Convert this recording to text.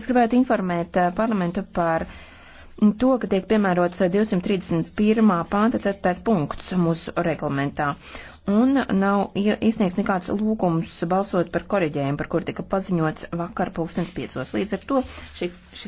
Es gribētu informēt eh, parlamentu par to, ka tiek piemērots 231. pānta 4. punkts mūsu reglamentā. Un nav izsniegts nekāds lūgums balsot par koriģējumu, par kur tika paziņots vakar pulkstens piecos. Līdz ar to šī, šis